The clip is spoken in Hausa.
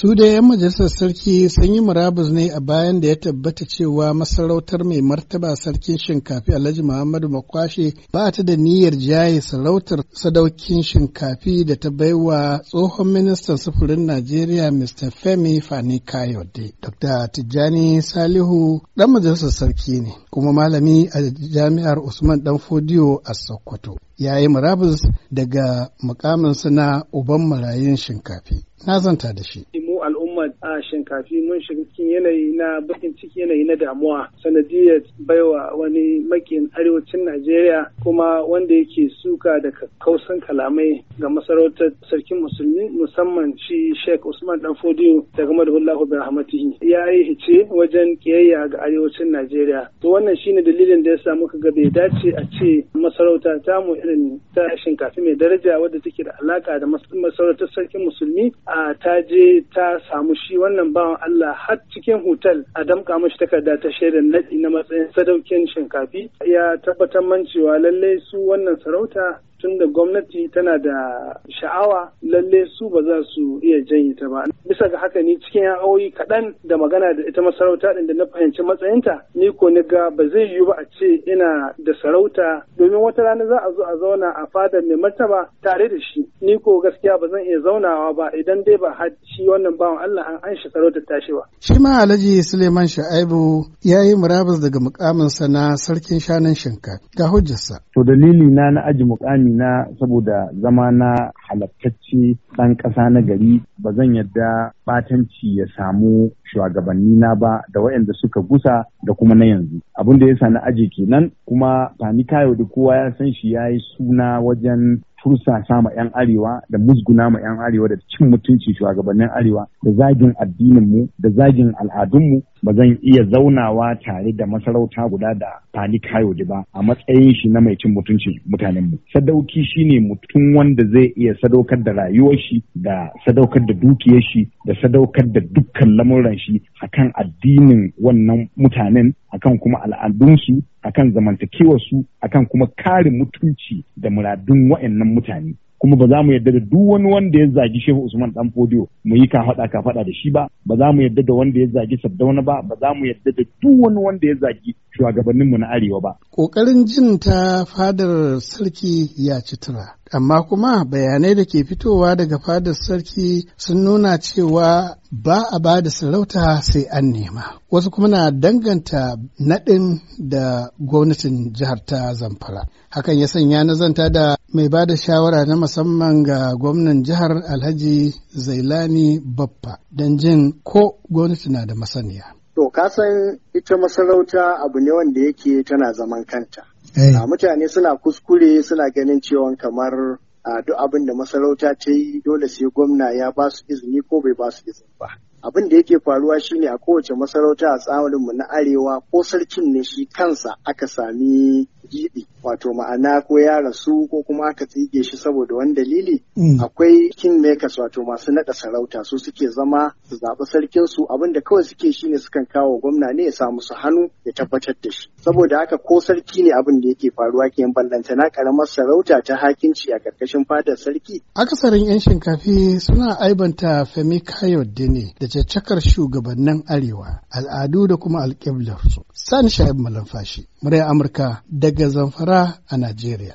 Su da 'yan majalisar sarki sun yi murabus ne a bayan da ya tabbata cewa masarautar mai martaba sarkin shinkafi Alhaji Muhammadu Makwashe ba ta da niyyar jaye sarautar sadaukin shinkafi da ta baiwa tsohon ministan sufurin Najeriya Mr. Femi Fani Kayode. Dr. Tijjani Salihu ɗan majalisar sarki ne kuma malami a jami'ar Usman Fodiyo a Sokoto. ya yi murabus daga mukamin na uban marayun shinkafi. Na zanta da shi. mu al'umma a shinkafi mun shiga cikin yanayi na bakin ciki yanayi na damuwa sanadiyar baiwa wani makin arewacin Najeriya kuma wanda yake suka da kausan kalamai ga masarautar sarkin musulmi musamman shi Sheikh Usman Dan Fodiyo daga Madhullahu bin Rahmatihi ya yi hice wajen kiyayya ga arewacin Najeriya to wannan shine dalilin da ya sa muka ga bai dace a ce masarauta ta mu irin ta shinkafi mai daraja wadda take da alaka da masarautar sarkin musulmi a ta je ta ya samu shi wannan bawan Allah har cikin hotel a damka mashi takarda ta shaida naɗi na matsayin sadaukin shinkafi ya tabbatar man cewa lallai su wannan sarauta tunda gwamnati tana da sha'awa lalle su ba za su iya janye ta ba bisa ga haka ni cikin awoyi kaɗan da magana da ita masarauta ɗin da na fahimci matsayinta ni ko ni ga ba zai yiwu ba a ce ina da sarauta domin wata rana za a zo a zauna a fadar mai martaba tare da shi ni ko gaskiya ba zan iya zaunawa ba idan dai ba har shi wannan bawan Allah an an shi sarautar tashi ba. Shi ma Alhaji Suleiman Sha'aibu ya yi murabus daga mukaminsa na sarkin shanun shinka ga hujjarsa. To dalili na na aji mukami Na saboda zama na halattacce ɗan ƙasa na gari ba zan yadda ɓatanci ya samu shugabanni na ba da waɗanda suka gusa da kuma na yanzu abin da ya sa na aji kenan kuma fani kayo da kowa ya san shi ya yi suna wajen tursasa ma 'yan arewa da musguna ma 'yan arewa da cin mutunci shugabannin arewa da zagin addininmu da zagin al'adunmu ba zan iya zaunawa tare da masarauta guda da Fani Kayode ba a matsayin shi na mai cin mutuncin mutanen mu. Sadauki shine mutum wanda zai iya sadaukar da rayuwar shi da sadaukar da dukiyar shi da sadaukar da dukkan lamuran shi akan addinin wannan mutanen akan kuma al'adunsu akan zamantakewarsu akan kuma kare mutunci da muradun wa'annan mutane kuma ba za mu yadda da duk wani wanda ya zagi Shehu Usman dan Fodiyo mu yi ka faɗa ka faɗa da shi ba ba za mu yarda da wanda ya zagi Sardauna ba ba za mu yarda da duk wani wanda ya zagi shugabanninmu na arewa ba. Ƙoƙarin jin ta fadar sarki ya ci tura. Amma kuma bayanai da ke fitowa daga fadar sarki sun nuna cewa ba a ba da sarauta sai an nema. Wasu kuma na danganta naɗin da gwamnatin jihar ta Zamfara. Hakan ya sanya na zanta da mai ba da shawara na musamman ga gwamnan jihar Alhaji Zailani Baffa don jin ko gwamnati na da masaniya. To, kasan ita masarauta abu ne wanda yake tana zaman kanta. Eh. Ah, mutane suna kuskure suna ganin cewa kamar ah, duk abin da masarauta ta yi dole sai gwamna ya ba su izini ko bai ba su izini ba. Abin da yake faruwa shine a kowace masarauta a mu na arewa ko sarkin ne shi kansa aka sami jiɗi. wato ma'ana ko ya rasu ko kuma aka tsige shi saboda wani dalili mm. akwai kin kingmakers wato masu naɗa sarauta su suke zama su zaɓi sarkin su abinda kawai suke shi ne sukan kawo gwamna ne ya sa musu hannu ya tabbatar da shi saboda haka ko sarki ne abin da yake faruwa ke na karamar sarauta ta hakinci a karkashin fadar sarki akasarin yan shinkafi suna aibanta femi kayo ne da caccakar shugabannin arewa al'adu da kuma su san sha'ib malamfashi murai amurka daga zamfara and Nigeria.